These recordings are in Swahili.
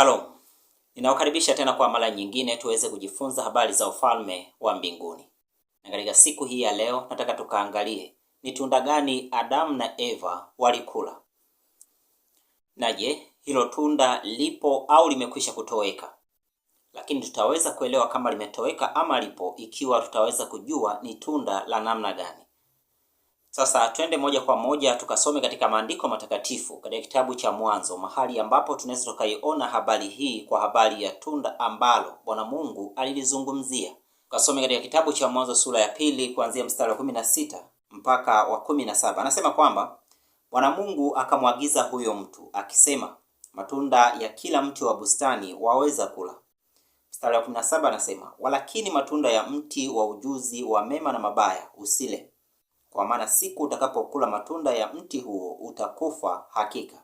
Shalom, ninawakaribisha tena kwa mara nyingine tuweze kujifunza habari za ufalme wa mbinguni, na katika siku hii ya leo nataka tukaangalie ni tunda gani Adamu na Eva walikula, na je, hilo tunda lipo au limekwisha kutoweka? Lakini tutaweza kuelewa kama limetoweka ama lipo ikiwa tutaweza kujua ni tunda la namna gani. Sasa twende moja kwa moja tukasome katika maandiko matakatifu katika kitabu cha Mwanzo, mahali ambapo tunaweza tukaiona habari hii kwa habari ya tunda ambalo Bwana Mungu alilizungumzia. Tukasome katika kitabu cha Mwanzo sura ya pili kuanzia mstari wa kumi na sita mpaka wa kumi na saba anasema kwamba Bwana Mungu akamwagiza huyo mtu akisema, matunda ya kila mti wa bustani waweza kula. Mstari wa kumi na saba anasema, walakini matunda ya mti wa ujuzi wa mema na mabaya usile kwa maana siku utakapokula matunda ya mti huo utakufa hakika.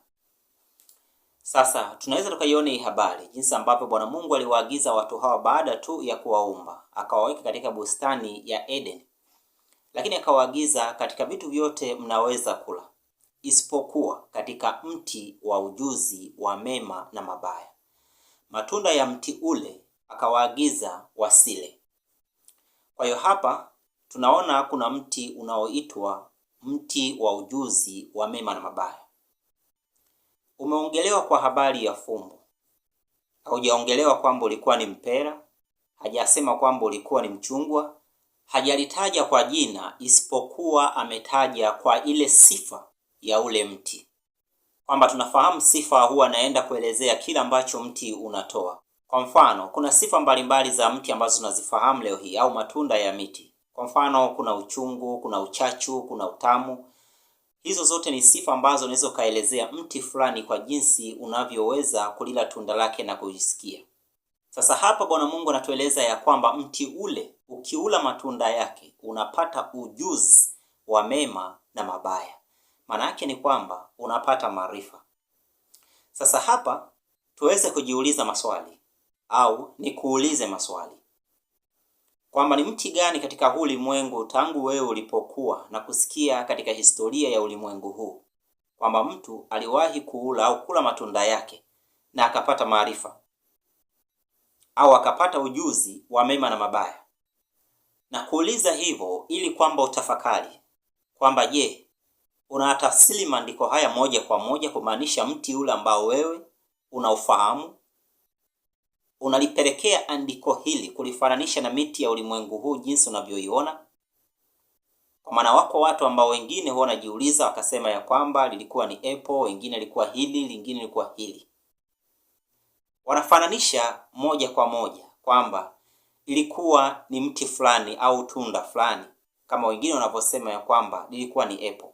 Sasa tunaweza tukaione hii habari jinsi ambavyo Bwana Mungu aliwaagiza watu hawa baada tu ya kuwaumba, akawaweka katika bustani ya Eden, lakini akawaagiza katika vitu vyote mnaweza kula isipokuwa katika mti wa ujuzi wa mema na mabaya. Matunda ya mti ule akawaagiza wasile. Kwa hiyo hapa tunaona kuna mti unaoitwa mti wa ujuzi wa mema na mabaya. Umeongelewa kwa habari ya fumbo, haujaongelewa kwamba ulikuwa ni mpera, hajasema kwamba ulikuwa ni mchungwa, hajalitaja kwa jina, isipokuwa ametaja kwa ile sifa ya ule mti, kwamba tunafahamu sifa huwa anaenda kuelezea kila ambacho mti unatoa. Kwa mfano, kuna sifa mbalimbali za mti ambazo tunazifahamu leo hii au matunda ya miti kwa mfano, kuna uchungu, kuna uchachu, kuna utamu. Hizo zote ni sifa ambazo unaweza ukaelezea mti fulani kwa jinsi unavyoweza kulila tunda lake na kujisikia. Sasa hapa Bwana Mungu anatueleza ya kwamba mti ule ukiula matunda yake unapata ujuzi wa mema na mabaya. Maana yake ni kwamba unapata maarifa. Sasa hapa tuweze kujiuliza maswali au nikuulize maswali kwamba ni mti gani katika huu ulimwengu tangu wewe ulipokuwa na kusikia katika historia ya ulimwengu huu kwamba mtu aliwahi kuula au kula matunda yake na akapata maarifa au akapata ujuzi wa mema na mabaya, na kuuliza hivyo ili kwamba utafakari kwamba je, unatafsiri maandiko haya moja kwa moja kumaanisha mti ule ambao wewe unaufahamu unalipelekea andiko hili kulifananisha na miti ya ulimwengu huu jinsi unavyoiona? Kwa maana wako watu ambao wengine huwa wanajiuliza wakasema ya kwamba lilikuwa ni apple, wengine lilikuwa hili, lingine lilikuwa hili. Wanafananisha moja kwa moja kwamba ilikuwa ni mti fulani au tunda fulani, kama wengine wanavyosema ya kwamba lilikuwa ni apple.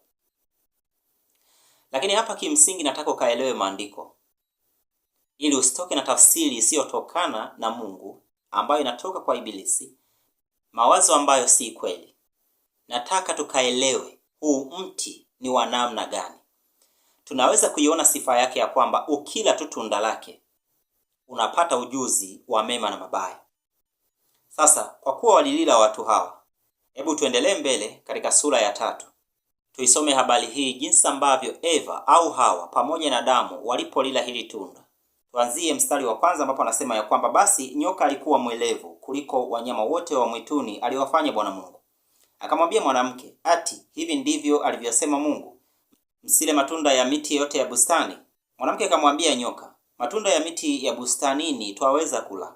Lakini hapa kimsingi nataka ukaelewe maandiko ili usitoke na tafsiri isiyotokana na Mungu ambayo inatoka kwa Ibilisi, mawazo ambayo si kweli. Nataka tukaelewe huu mti ni wa namna gani. Tunaweza kuiona sifa yake ya kwamba ukila tu tunda lake unapata ujuzi wa mema na mabaya. Sasa kwa kuwa walilila watu hawa, hebu tuendelee mbele katika sura ya tatu tuisome habari hii, jinsi ambavyo Eva au Hawa pamoja na damu walipolila hili tunda Tuanzie mstari wa kwanza ambapo anasema ya kwamba basi nyoka alikuwa mwelevu kuliko wanyama wote wa mwituni aliowafanya Bwana Mungu. Akamwambia mwanamke, ati hivi ndivyo alivyosema Mungu, msile matunda ya miti yote ya bustani. Mwanamke akamwambia nyoka, matunda ya miti ya bustanini twaweza kula,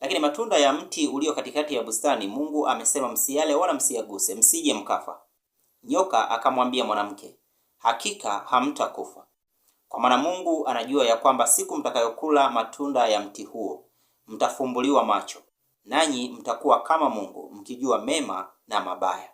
lakini matunda ya mti ulio katikati ya bustani Mungu amesema msiyale wala msiyaguse, msije mkafa. Nyoka akamwambia mwanamke, hakika hamtakufa. Kwa maana Mungu anajua ya kwamba siku mtakayokula matunda ya mti huo mtafumbuliwa macho, nanyi mtakuwa kama Mungu mkijua mema na mabaya.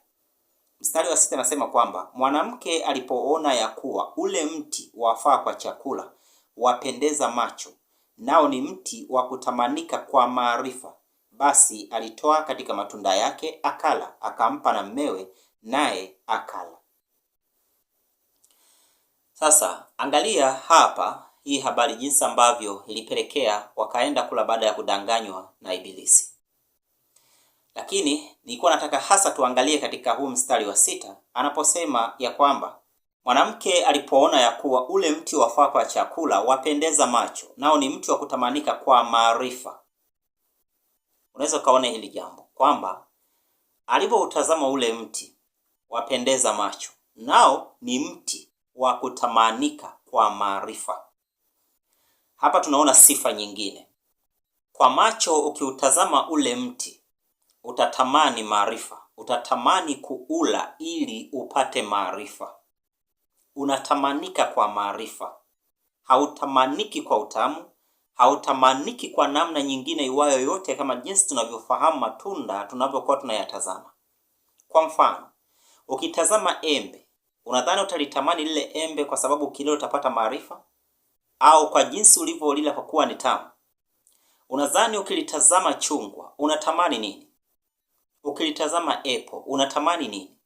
Mstari wa sita anasema kwamba mwanamke alipoona ya kuwa ule mti wafaa kwa chakula, wapendeza macho, nao ni mti wa kutamanika kwa maarifa, basi alitoa katika matunda yake akala, akampa na mmewe, naye akala. Sasa angalia hapa hii habari jinsi ambavyo ilipelekea wakaenda kula baada ya kudanganywa na Ibilisi. Lakini nilikuwa nataka hasa tuangalie katika huu mstari wa sita anaposema ya kwamba mwanamke alipoona ya kuwa ule mti wafaa kwa chakula, wapendeza macho, nao ni mti wa kutamanika kwa maarifa. Unaweza ukaona hili jambo kwamba alipoutazama ule mti wapendeza macho, nao ni mti wa kutamanika kwa maarifa. Hapa tunaona sifa nyingine. Kwa macho ukiutazama ule mti, utatamani maarifa, utatamani kuula ili upate maarifa. Unatamanika kwa maarifa, hautamaniki kwa utamu, hautamaniki kwa namna nyingine iwayo yote, kama jinsi tunavyofahamu matunda tunavyokuwa tunayatazama. Kwa mfano, ukitazama embe unadhani utalitamani lile embe kwa sababu kilo utapata maarifa, au kwa jinsi ulivyolila kwa kuwa ni tamu? Unadhani ukilitazama chungwa unatamani nini? Ukilitazama epo unatamani nini?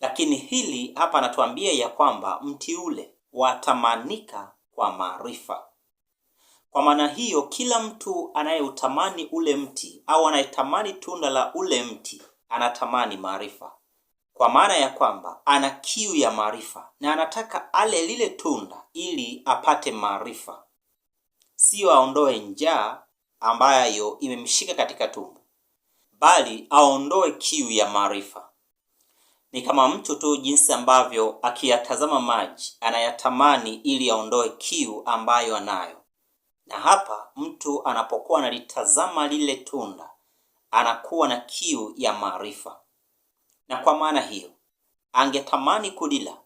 Lakini hili hapa anatuambia ya kwamba mti ule watamanika kwa maarifa. Kwa maana hiyo, kila mtu anayeutamani ule mti au anayetamani tunda la ule mti anatamani maarifa kwa maana ya kwamba ana kiu ya maarifa na anataka ale lile tunda ili apate maarifa, siyo aondoe njaa ambayo imemshika katika tumbo, bali aondoe kiu ya maarifa. Ni kama mtu tu jinsi ambavyo akiyatazama maji anayatamani ili aondoe kiu ambayo anayo. Na hapa mtu anapokuwa analitazama lile tunda anakuwa na kiu ya maarifa na kwa maana hiyo angetamani kulila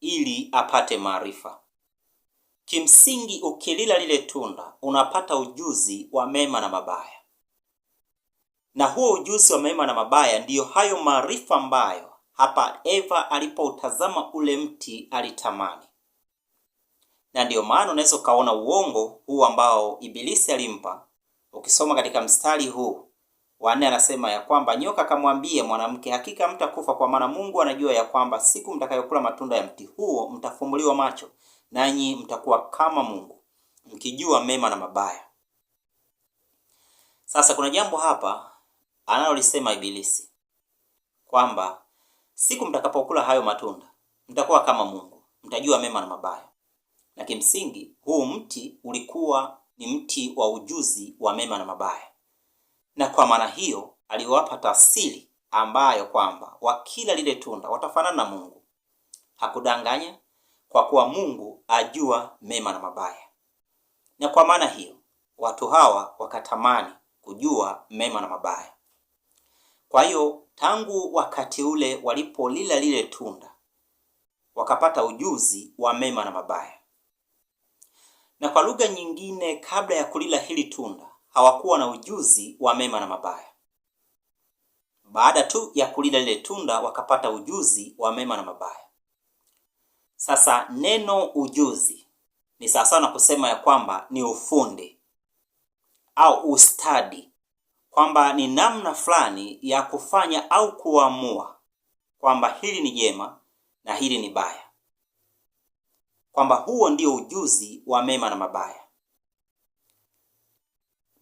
ili apate maarifa. Kimsingi, ukilila lile tunda unapata ujuzi wa mema na mabaya, na huo ujuzi wa mema na mabaya ndiyo hayo maarifa ambayo hapa Eva alipoutazama ule mti alitamani, na ndiyo maana unaweza ukaona uongo huu ambao Ibilisi alimpa. Ukisoma katika mstari huu Wanne anasema ya kwamba nyoka akamwambia mwanamke, hakika mtakufa, kwa maana Mungu anajua ya kwamba siku mtakayokula matunda ya mti huo mtafumbuliwa macho, nanyi mtakuwa kama Mungu, mkijua mema na mabaya. Sasa kuna jambo hapa analolisema Ibilisi kwamba siku mtakapokula hayo matunda mtakuwa kama Mungu, mtajua mema na mabaya. Na kimsingi huu mti ulikuwa ni mti wa ujuzi wa mema na mabaya na kwa maana hiyo aliwapa tafsiri ambayo kwamba wakila lile tunda watafanana na Mungu. Hakudanganya, kwa kuwa Mungu ajua mema na mabaya. Na kwa maana hiyo watu hawa wakatamani kujua mema na mabaya. Kwa hiyo tangu wakati ule walipolila lile tunda wakapata ujuzi wa mema na mabaya. Na kwa lugha nyingine, kabla ya kulila hili tunda hawakuwa na ujuzi wa mema na mabaya. Baada tu ya kulila lile tunda, wakapata ujuzi wa mema na mabaya. Sasa neno ujuzi ni sawasawa na kusema ya kwamba ni ufundi au ustadi, kwamba ni namna fulani ya kufanya au kuamua kwamba hili ni jema na hili ni baya, kwamba huo ndio ujuzi wa mema na mabaya.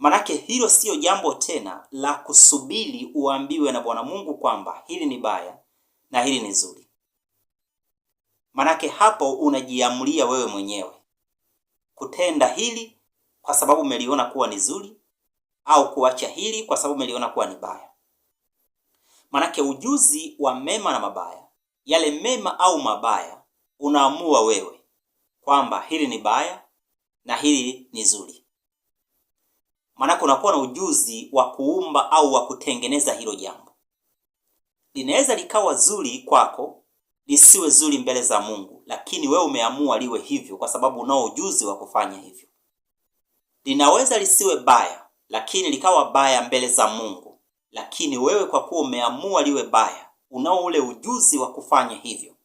Manake hilo siyo jambo tena la kusubiri uambiwe na Bwana Mungu kwamba hili ni baya na hili ni zuri. Manake hapo unajiamulia wewe mwenyewe kutenda hili kwa sababu umeliona kuwa ni zuri au kuacha hili kwa sababu umeliona kuwa ni baya. Manake ujuzi wa mema na mabaya, yale mema au mabaya, unaamua wewe kwamba hili ni baya na hili ni zuri maanake unakuwa na ujuzi wa kuumba au wa kutengeneza hilo jambo. Linaweza likawa zuri kwako, lisiwe zuri mbele za Mungu, lakini wewe umeamua liwe hivyo kwa sababu unao ujuzi wa kufanya hivyo. Linaweza lisiwe baya, lakini likawa baya mbele za Mungu, lakini wewe kwa kuwa umeamua liwe baya, unao ule ujuzi wa kufanya hivyo,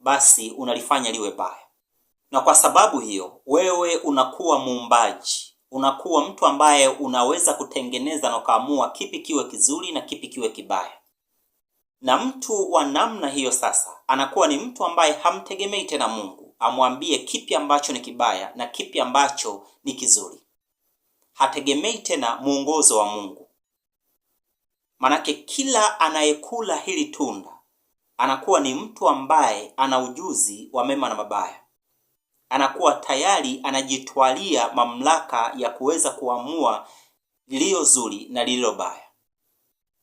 basi unalifanya liwe baya, na kwa sababu hiyo wewe unakuwa muumbaji unakuwa mtu ambaye unaweza kutengeneza na ukaamua kipi kiwe kizuri na kipi kiwe kibaya. Na mtu wa namna hiyo sasa anakuwa ni mtu ambaye hamtegemei tena Mungu amwambie kipi ambacho ni kibaya na kipi ambacho ni kizuri. Hategemei tena mwongozo wa Mungu, manake kila anayekula hili tunda anakuwa ni mtu ambaye ana ujuzi wa mema na mabaya anakuwa tayari anajitwalia mamlaka ya kuweza kuamua lililo zuri na lililo baya,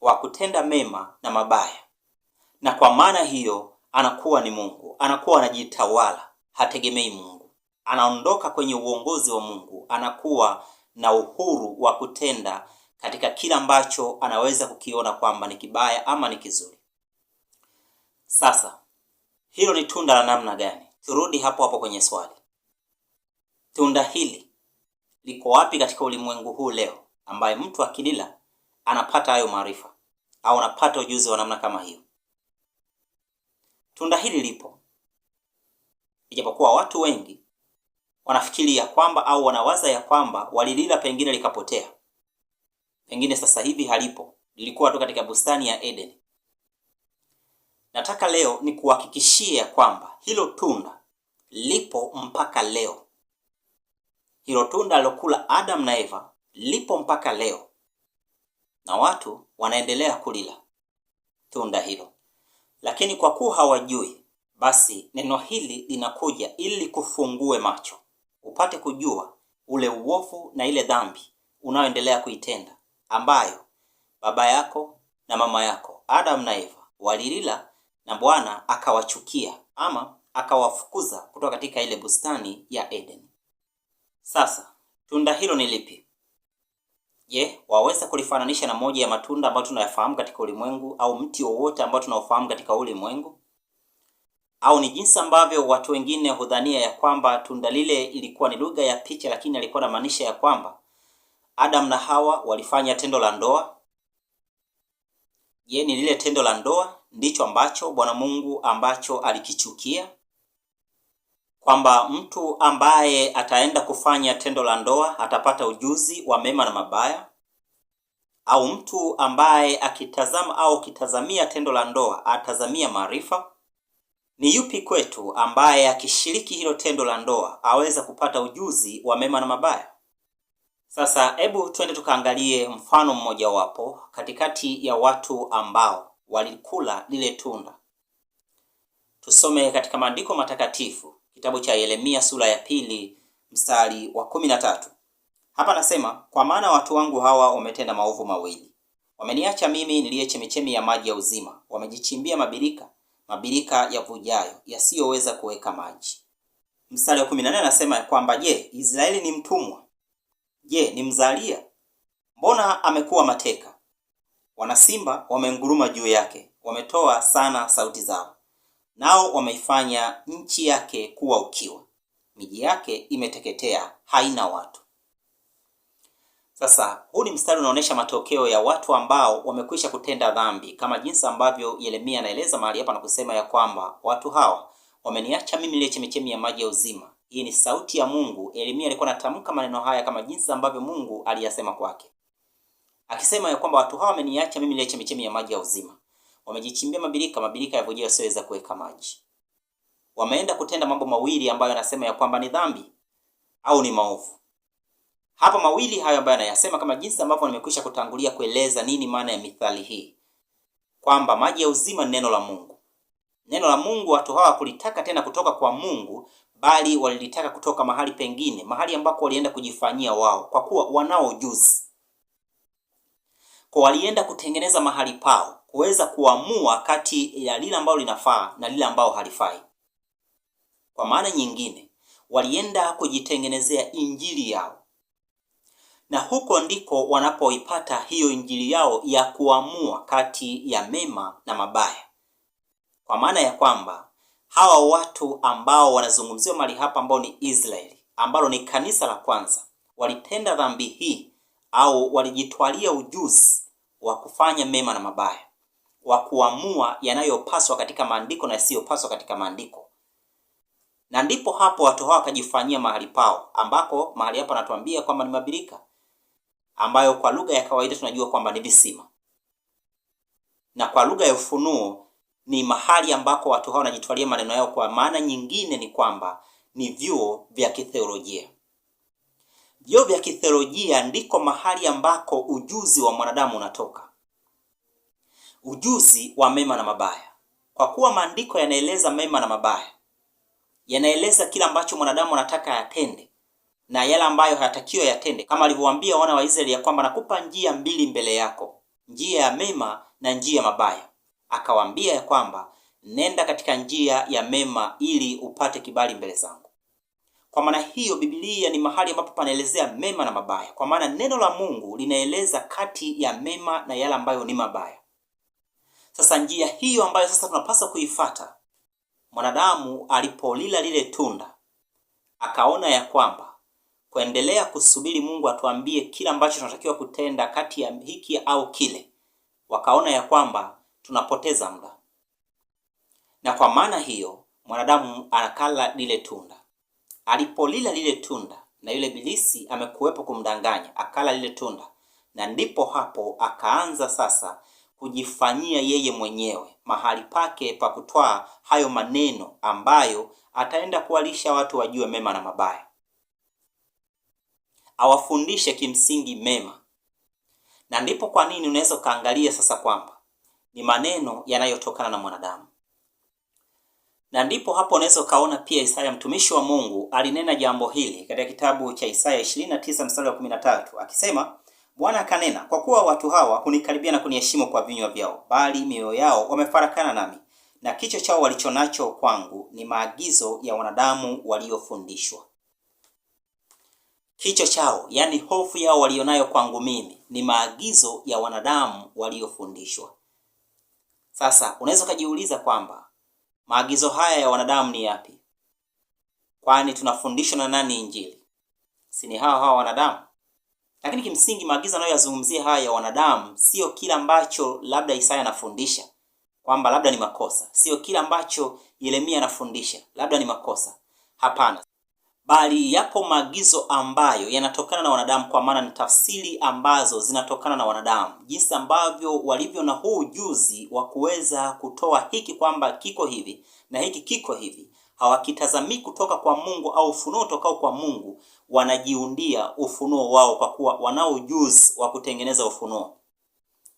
wa kutenda mema na mabaya, na kwa maana hiyo anakuwa ni Mungu, anakuwa anajitawala, hategemei Mungu, anaondoka kwenye uongozi wa Mungu, anakuwa na uhuru wa kutenda katika kila ambacho anaweza kukiona kwamba ni kibaya ama ni kizuri. Sasa hilo ni tunda la namna gani? Turudi hapo hapo kwenye swali. Tunda hili liko wapi katika ulimwengu huu leo, ambaye mtu akilila anapata hayo maarifa au anapata ujuzi wa namna kama hiyo? Tunda hili lipo, ijapokuwa watu wengi wanafikiri ya kwamba au wanawaza ya kwamba walilila pengine likapotea, pengine sasa hivi halipo, lilikuwa tu katika bustani ya eden Nataka leo ni kuhakikishia kwamba hilo tunda lipo mpaka leo hilo tunda alilokula Adam na Eva lipo mpaka leo, na watu wanaendelea kulila tunda hilo, lakini kwa kuwa hawajui, basi neno hili linakuja ili kufungue macho, upate kujua ule uovu na ile dhambi unaoendelea kuitenda, ambayo baba yako na mama yako Adam na Eva walilila na Bwana akawachukia ama akawafukuza kutoka katika ile bustani ya Eden. Sasa tunda hilo ni lipi? Je, waweza kulifananisha na moja ya matunda ambayo tunayafahamu katika ulimwengu au mti wowote ambao tunaofahamu katika ulimwengu? Au ni jinsi ambavyo watu wengine hudhania ya kwamba tunda lile ilikuwa ni lugha ya picha, lakini alikuwa na maanisha ya kwamba Adam na Hawa walifanya tendo la ndoa. Je, ni lile tendo la ndoa ndicho ambacho Bwana Mungu ambacho alikichukia? kwamba mtu ambaye ataenda kufanya tendo la ndoa atapata ujuzi wa mema na mabaya, au mtu ambaye akitazama au akitazamia tendo la ndoa atazamia maarifa. Ni yupi kwetu ambaye akishiriki hilo tendo la ndoa aweza kupata ujuzi wa mema na mabaya? Sasa hebu twende tukaangalie mfano mmojawapo katikati ya watu ambao walikula lile tunda. Tusome katika maandiko matakatifu kitabu cha Yeremia sura ya pili mstari wa kumi na tatu. Hapa nasema kwa maana watu wangu hawa wametenda maovu mawili, wameniacha mimi niliye chemichemi ya maji ya uzima, wamejichimbia mabirika, mabirika ya vujayo yasiyoweza kuweka maji. Mstari wa 14 anasema kwamba je, Israeli ni mtumwa? Je, ni mzalia? Mbona amekuwa mateka? Wanasimba wamenguruma juu yake, wametoa sana sauti zao nao wameifanya nchi yake kuwa ukiwa, miji yake imeteketea, haina watu. Sasa huu ni mstari unaonyesha matokeo ya watu ambao wamekwisha kutenda dhambi, kama jinsi ambavyo Yeremia anaeleza mahali hapa na kusema ya kwamba watu hawa wameniacha mimi ile chemichemi ya maji ya uzima. Hii ni sauti ya Mungu. Yeremia alikuwa anatamka maneno haya kama jinsi ambavyo Mungu aliyasema kwake, akisema ya kwamba watu hawa wameniacha mimi ile chemichemi ya maji ya uzima wamejichimbia mabirika, mabirika yalivyojaa yasiyoweza kuweka maji. Wameenda kutenda mambo mawili ambayo anasema ya kwamba ni dhambi au ni maovu. Hapa mawili hayo ambayo anayasema, kama jinsi ambavyo nimekwisha kutangulia kueleza nini maana ya mithali hii, kwamba maji ya uzima ni neno la Mungu. Neno la Mungu watu hawa kulitaka tena kutoka kwa Mungu, bali walilitaka kutoka mahali pengine, mahali ambako walienda kujifanyia wao, kwa kuwa wanao ujuzi, kwa walienda kutengeneza mahali pao kuweza kuamua kati ya lile ambalo linafaa na lile ambalo halifai. Kwa maana nyingine, walienda kujitengenezea injili yao, na huko ndiko wanapoipata hiyo injili yao ya kuamua kati ya mema na mabaya, kwa maana ya kwamba hawa watu ambao wanazungumziwa mahali hapa, ambao ni Israeli, ambalo ni kanisa la kwanza, walitenda dhambi hii au walijitwalia ujuzi wa kufanya mema na mabaya wa kuamua yanayopaswa katika maandiko na yasiyopaswa katika maandiko na ndipo hapo watu hao wakajifanyia mahali pao ambako mahali hapo anatuambia kwamba ni mabirika ambayo kwa lugha ya kawaida tunajua kwamba ni visima na kwa lugha ya ufunuo ni mahali ambako watu hao wanajitwalia maneno yao kwa maana nyingine ni kwamba ni vyuo vya kitheolojia vyuo vya kitheolojia ndiko mahali ambako ujuzi wa mwanadamu unatoka ujuzi wa mema na mabaya, kwa kuwa maandiko yanaeleza mema na mabaya, yanaeleza kila ambacho mwanadamu anataka yatende na yale ambayo hayatakiwa yatende, kama alivyowaambia wana wa Israeli ya kwamba nakupa njia mbili mbele yako, njia ya mema na njia ya mabaya. Akawaambia ya kwamba nenda katika njia ya mema ili upate kibali mbele zangu. Kwa maana hiyo, Biblia ni mahali ambapo panaelezea mema na mabaya, kwa maana neno la Mungu linaeleza kati ya mema na yale ambayo ni mabaya. Sasa njia hiyo ambayo sasa tunapaswa kuifata, mwanadamu alipolila lile tunda akaona ya kwamba kuendelea kusubiri Mungu atuambie kila ambacho tunatakiwa kutenda kati ya hiki au kile, wakaona ya kwamba tunapoteza muda, na kwa maana hiyo mwanadamu anakala lile tunda. Alipolila lile tunda, na yule bilisi amekuwepo kumdanganya, akala lile tunda, na ndipo hapo akaanza sasa kujifanyia yeye mwenyewe mahali pake pa kutwaa hayo maneno ambayo ataenda kuwalisha watu wajue mema na mabaya awafundishe kimsingi mema na ndipo kwa nini unaweza ukaangalia sasa kwamba ni maneno yanayotokana na mwanadamu na ndipo hapo unaweza ukaona pia Isaya mtumishi wa Mungu alinena jambo hili katika kitabu cha Isaya 29 mstari wa 13 akisema Bwana akanena, kwa kuwa watu hawa hunikaribia na kuniheshimu kwa vinywa vyao, bali mioyo yao wamefarakana nami, na kicho chao walicho nacho kwangu ni maagizo ya wanadamu waliofundishwa. Kicho chao, yani hofu yao walionayo kwangu mimi, ni maagizo ya wanadamu waliofundishwa. Sasa unaweza ukajiuliza kwamba maagizo haya ya wanadamu ni yapi? Kwani tunafundishwa na nani Injili? Si ni hawa hawa wanadamu? Lakini kimsingi maagizo anayoyazungumzia haya ya wanadamu sio kila ambacho labda Isaya anafundisha kwamba labda ni makosa, sio kila ambacho Yeremia anafundisha labda ni makosa. Hapana, bali yapo maagizo ambayo yanatokana na wanadamu, kwa maana ni tafsiri ambazo zinatokana na wanadamu, jinsi ambavyo walivyo na huu ujuzi wa kuweza kutoa hiki kwamba kiko hivi na hiki kiko hivi, hawakitazamii kutoka kwa Mungu au ufunuo utokao kwa Mungu, wanajiundia ufunuo wao kwa kuwa wanao ujuzi wa kutengeneza ufunuo.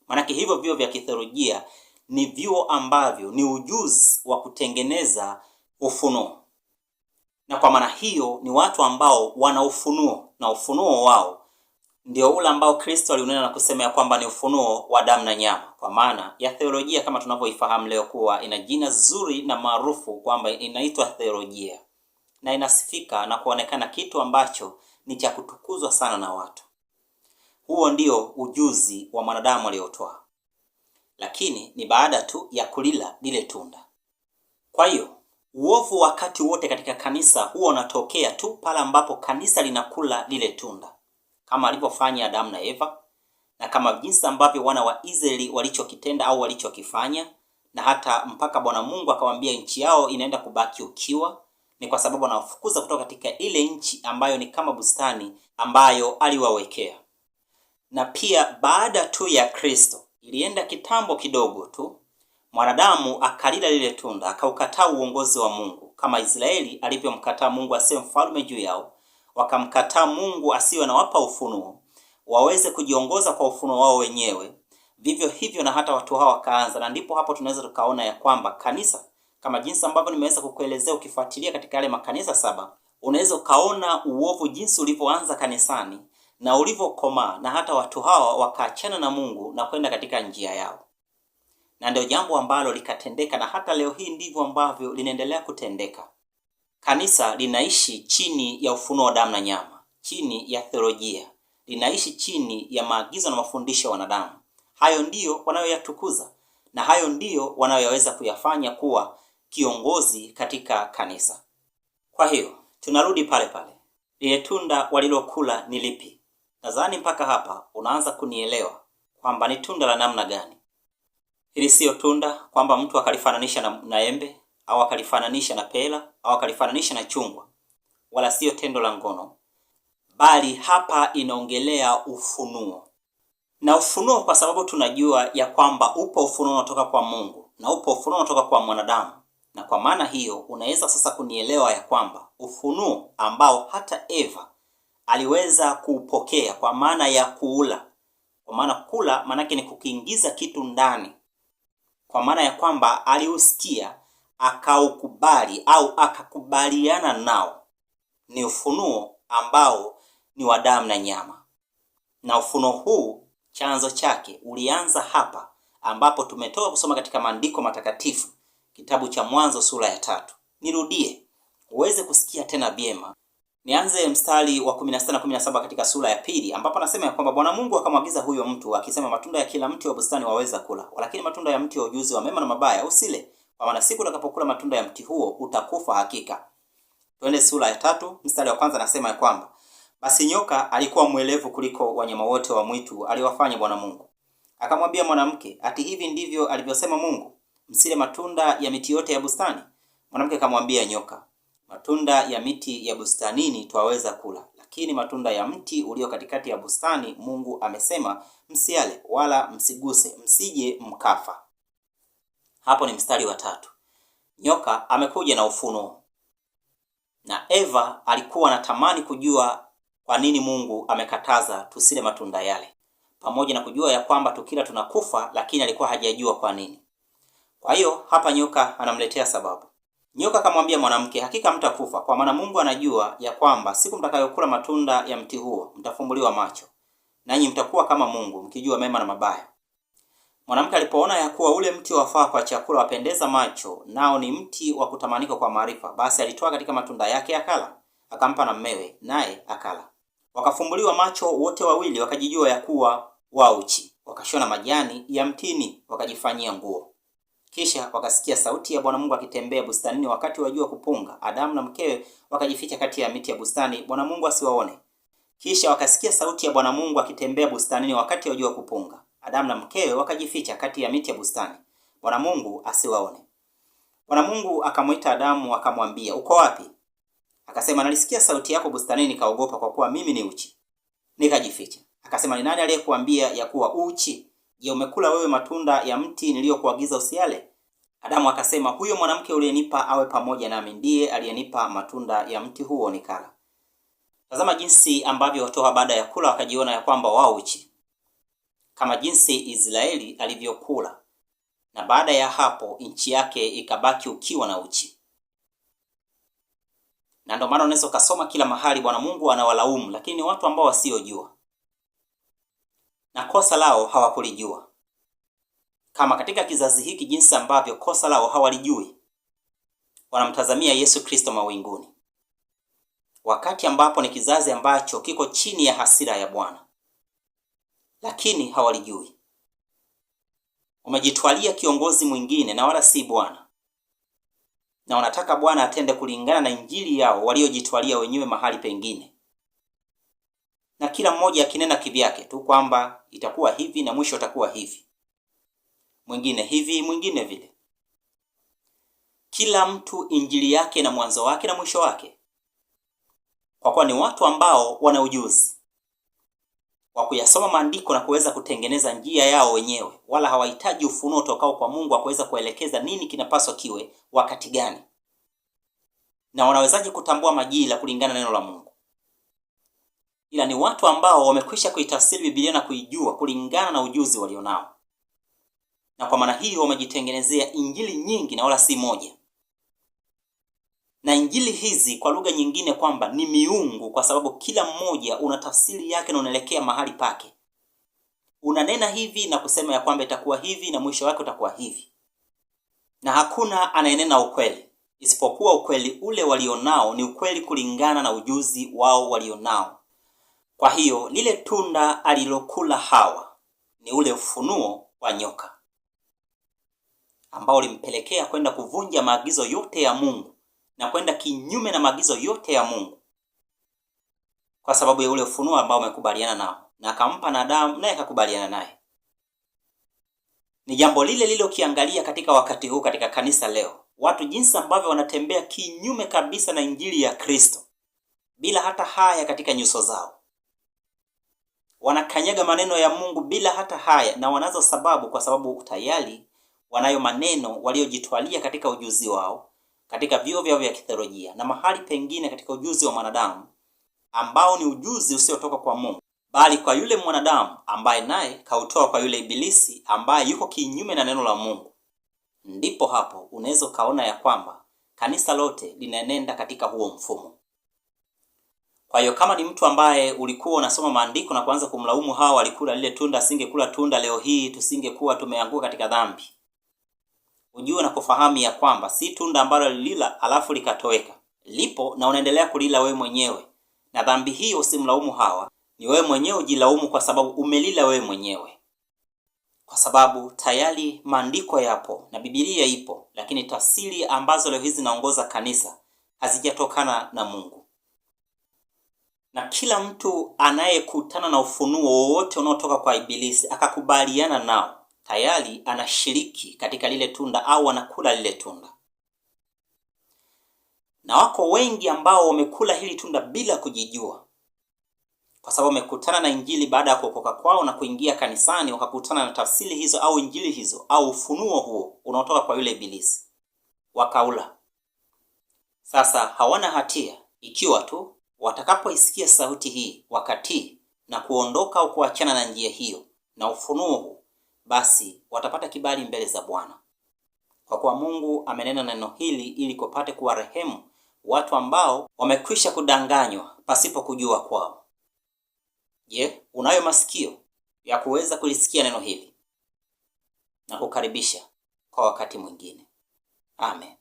Maanake hivyo vyuo vya kitheolojia ni vyuo ambavyo ni ujuzi wa kutengeneza ufunuo, na kwa maana hiyo ni watu ambao wana ufunuo na ufunuo wao ndio ule ambao Kristo aliunena na kusema ya kwamba ni ufunuo wa damu na nyama, kwa maana ya theolojia kama tunavyoifahamu leo kuwa ina jina zuri na maarufu kwamba inaitwa theolojia na inasifika na kuonekana kitu ambacho ni cha kutukuzwa sana na watu. Huo ndio ujuzi wa mwanadamu aliotoa, lakini ni baada tu ya kulila lile tunda. Kwa hiyo uovu wakati wote katika kanisa huwa unatokea tu pale ambapo kanisa linakula lile tunda, kama alivyofanya Adamu na Eva na kama jinsi ambavyo wana wa Israeli walichokitenda au walichokifanya, na hata mpaka Bwana Mungu akamwambia nchi yao inaenda kubaki ukiwa ni kwa sababu anawafukuza kutoka katika ile nchi ambayo ni kama bustani ambayo aliwawekea. Na pia baada tu ya Kristo, ilienda kitambo kidogo tu, mwanadamu akalila lile tunda, akaukataa uongozi wa Mungu kama Israeli alivyomkataa Mungu asiwe mfalme juu yao, wakamkataa Mungu asiwe anawapa ufunuo waweze kujiongoza kwa ufunuo wao wenyewe. Vivyo hivyo na hata watu hao wakaanza, na ndipo hapo tunaweza tukaona ya kwamba kanisa kama jinsi ambavyo nimeweza kukuelezea. Ukifuatilia katika yale makanisa saba, unaweza ukaona uovu jinsi ulivyoanza kanisani na ulivyokomaa, na hata watu hawa wakaachana na Mungu na kwenda katika njia yao, na ndio jambo ambalo likatendeka, na hata leo hii ndivyo ambavyo linaendelea kutendeka. Kanisa linaishi chini ya ufunuo wa damu na nyama, chini ya theolojia, linaishi chini ya maagizo na mafundisho ya wanadamu. Hayo ndiyo wanayoyatukuza na hayo ndiyo wanayoyaweza kuyafanya kuwa kiongozi katika kanisa. Kwa hiyo tunarudi pale pale, lile tunda walilokula ni lipi? Nadhani mpaka hapa unaanza kunielewa kwamba ni tunda la namna gani. Hili siyo tunda kwamba mtu akalifananisha na, na embe au akalifananisha na pela au akalifananisha na chungwa, wala siyo tendo la ngono, bali hapa inaongelea ufunuo na ufunuo, kwa sababu tunajua ya kwamba upo ufunuo unatoka kwa Mungu na upo ufunuo unatoka kwa mwanadamu na kwa maana hiyo unaweza sasa kunielewa ya kwamba ufunuo ambao hata Eva aliweza kuupokea kwa maana ya kuula, kwa maana kula maanake ni kukiingiza kitu ndani, kwa maana ya kwamba aliusikia akaukubali au akakubaliana nao, ni ufunuo ambao ni wa damu na nyama. Na ufunuo huu chanzo chake ulianza hapa, ambapo tumetoka kusoma katika maandiko matakatifu kitabu cha Mwanzo sura ya tatu. Nirudie uweze kusikia tena vyema. Nianze mstari wa 16 na 17 katika sura ya pili ambapo anasema ya kwamba Bwana Mungu akamwagiza huyo mtu akisema, matunda ya kila mti wa bustani waweza kula, lakini matunda ya mti wa ujuzi wa mema na mabaya usile, kwa maana siku utakapokula matunda ya mti huo utakufa hakika. Twende sura ya tatu mstari wa kwanza anasema ya kwamba basi nyoka alikuwa mwelevu kuliko wanyama wote wa mwitu aliwafanya Bwana Mungu. Akamwambia mwanamke, ati hivi ndivyo alivyosema Mungu, msile matunda ya miti yote ya bustani? Mwanamke akamwambia nyoka, matunda ya miti ya bustanini twaweza kula, lakini matunda ya mti ulio katikati ya bustani Mungu amesema, msiale wala msiguse, msije mkafa. Hapo ni mstari wa tatu. Nyoka amekuja na ufunuo, na Eva alikuwa anatamani kujua kwa nini Mungu amekataza tusile matunda yale, pamoja na kujua ya kwamba tukila tunakufa, lakini alikuwa hajajua kwa nini. Kwa hiyo hapa nyoka anamletea sababu. Nyoka akamwambia mwanamke, hakika mtakufa, kwa maana Mungu anajua ya kwamba siku mtakayokula matunda ya mti huo mtafumbuliwa macho, nanyi mtakuwa kama Mungu, mkijua mema na mabaya. Mwanamke alipoona ya kuwa ule mti wafaa kwa chakula, wapendeza macho, nao ni mti wa kutamanika kwa maarifa, basi alitoa katika matunda yake akala, akampa na mmewe, naye akala. Wakafumbuliwa macho wote wawili, wakajijua ya kuwa wauchi, wakashona majani ya mtini, wakajifanyia nguo. Kisha wakasikia sauti ya Bwana Mungu akitembea bustanini wakati wa jua kupunga. Adamu na mkewe wakajificha kati ya miti ya bustani, Bwana Mungu asiwaone. Kisha wakasikia sauti ya Bwana Mungu akitembea bustanini wakati wa jua kupunga. Adamu na mkewe wakajificha kati ya miti ya bustani, Bwana Mungu asiwaone. Bwana Mungu akamwita Adamu akamwambia, uko wapi? Akasema, nalisikia sauti yako bustanini, nikaogopa, kwa kuwa mimi ni uchi, nikajificha. Akasema, ni nani aliyekuambia ya kuwa uchi? Je, umekula wewe matunda ya mti niliyokuagiza usiale? Adamu akasema, huyo mwanamke uliyenipa awe pamoja nami ndiye aliyenipa matunda ya mti huo nikala. Tazama jinsi ambavyo watoa baada ya kula wakajiona ya kwamba wao uchi, kama jinsi Israeli alivyokula, na baada ya hapo nchi yake ikabaki ukiwa na uchi. Na ndio maana unaweza ukasoma kila mahali Bwana Mungu anawalaumu, lakini ni watu ambao wasiojua na kosa lao hawakulijua, kama katika kizazi hiki jinsi ambavyo kosa lao hawalijui. Wanamtazamia Yesu Kristo mawinguni, wakati ambapo ni kizazi ambacho kiko chini ya hasira ya Bwana, lakini hawalijui. Umejitwalia kiongozi mwingine na wala si Bwana, na wanataka Bwana atende kulingana na injili yao waliojitwalia wenyewe mahali pengine na kila mmoja akinena kivyake tu kwamba itakuwa hivi na mwisho utakuwa hivi, mwingine hivi, mwingine vile. Kila mtu injili yake na mwanzo wake na mwisho wake, kwa kuwa ni watu ambao wana ujuzi wa kuyasoma maandiko na kuweza kutengeneza njia yao wenyewe, wala hawahitaji ufunuo utokao kwa Mungu wa kuweza kuelekeza nini kinapaswa kiwe wakati gani, na wanawezaje kutambua majira kulingana na neno la Mungu ila ni watu ambao wamekwisha kuitafsiri Biblia na kuijua kulingana na ujuzi walionao, na kwa maana hiyo wamejitengenezea injili nyingi na wala si moja, na injili hizi kwa lugha nyingine kwamba ni miungu, kwa sababu kila mmoja una tafsiri yake na unaelekea mahali pake, unanena hivi na kusema ya kwamba itakuwa hivi na mwisho wake utakuwa hivi, na hakuna anayenena ukweli isipokuwa ukweli ule walionao ni ukweli kulingana na ujuzi wao walionao. Kwa hiyo lile tunda alilokula Hawa ni ule ufunuo wa nyoka ambao ulimpelekea kwenda kuvunja maagizo yote ya Mungu na kwenda kinyume na maagizo yote ya Mungu kwa sababu ya ule ufunuo ambao umekubaliana nao, na akampa na Adamu naye akakubaliana naye. Ni jambo lile lile ukiangalia katika wakati huu katika kanisa leo, watu jinsi ambavyo wanatembea kinyume kabisa na injili ya Kristo bila hata haya katika nyuso zao wanakanyaga maneno ya Mungu bila hata haya, na wanazo sababu, kwa sababu tayari wanayo maneno waliojitwalia katika ujuzi wao, katika vyuo vyao vya kitheolojia na mahali pengine katika ujuzi wa mwanadamu ambao ni ujuzi usiotoka kwa Mungu, bali kwa yule mwanadamu ambaye naye kautoa kwa yule Ibilisi ambaye yuko kinyume na neno la Mungu. Ndipo hapo unaweza ukaona ya kwamba kanisa lote linaenenda katika huo mfumo. Kwa hiyo kama ni mtu ambaye ulikuwa unasoma maandiko na kuanza kumlaumu Hawa, walikula lile tunda, asingekula tunda, leo hii tusingekuwa tumeanguka katika dhambi, ujue na kufahamu ya kwamba si tunda ambalo lilila alafu likatoweka, lipo na unaendelea kulila wewe mwenyewe. Na dhambi hii usimlaumu Hawa, ni wewe mwenyewe ujilaumu, kwa sababu umelila wewe mwenyewe, kwa sababu tayari maandiko yapo na Biblia ipo, lakini tafsiri ambazo leo hizi zinaongoza kanisa hazijatokana na Mungu na kila mtu anayekutana na ufunuo wowote unaotoka kwa Ibilisi akakubaliana nao, tayari anashiriki katika lile tunda au anakula lile tunda. Na wako wengi ambao wamekula hili tunda bila kujijua, kwa sababu wamekutana na Injili baada ya kuokoka kwao na kuingia kanisani, wakakutana na tafsiri hizo au Injili hizo au ufunuo huo unaotoka kwa yule Ibilisi, wakaula. Sasa hawana hatia ikiwa tu Watakapoisikia sauti hii wakatii na kuondoka au kuachana na njia hiyo na ufunuo huu, basi watapata kibali mbele za Bwana, kwa kuwa Mungu amenena neno hili ili kupate kuwarehemu watu ambao wamekwisha kudanganywa pasipo kujua kwao. Je, unayo masikio ya kuweza kulisikia neno hili? Na kukaribisha kwa wakati mwingine. Amen.